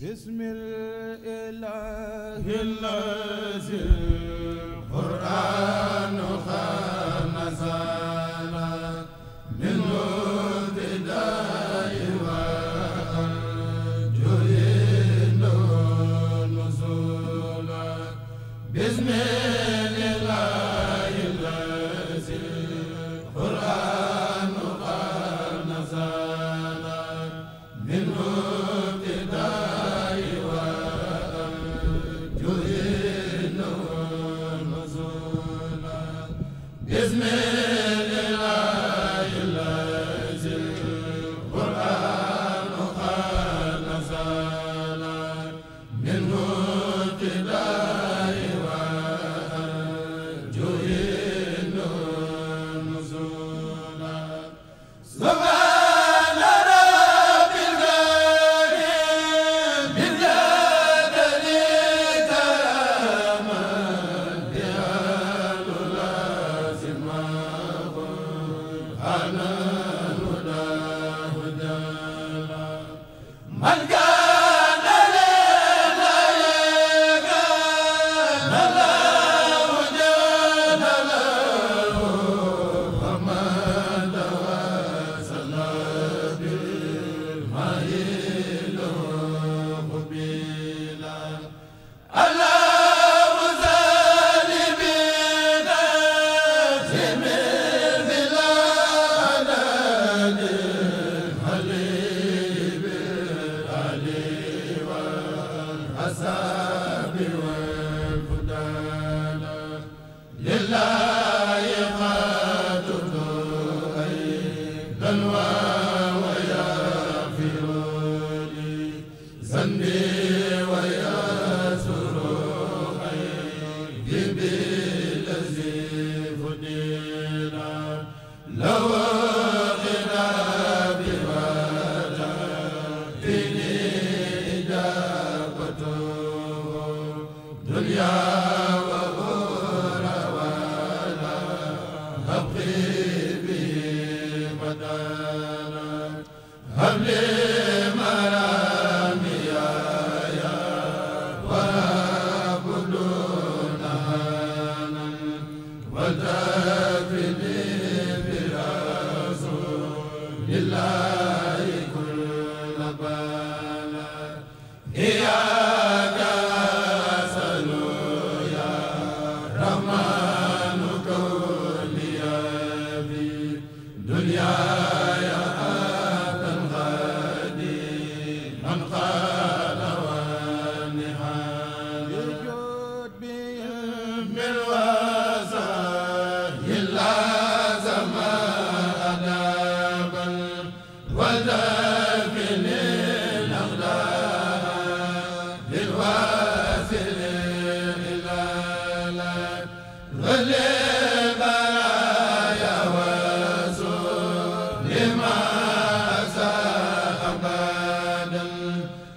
بسم الإله الذي القرآن نزل منه ابتداء وأرجل نزولا بسم الإله الذي القرآن نزل منه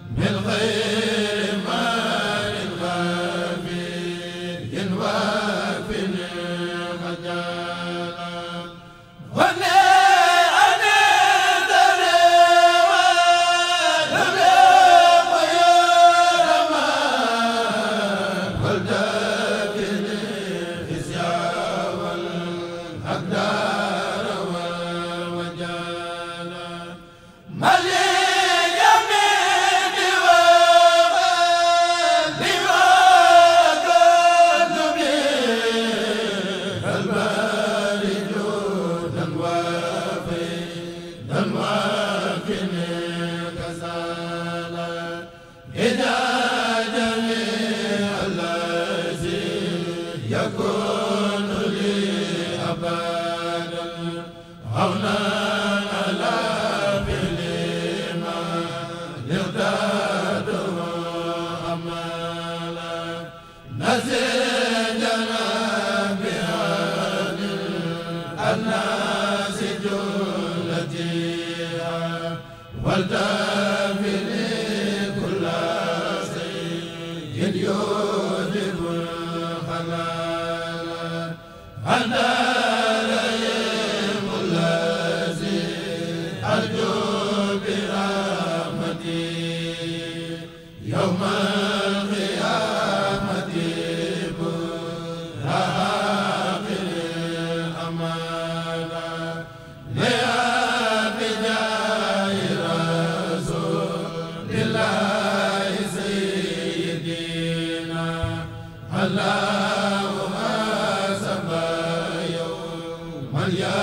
bil khayr wal man ya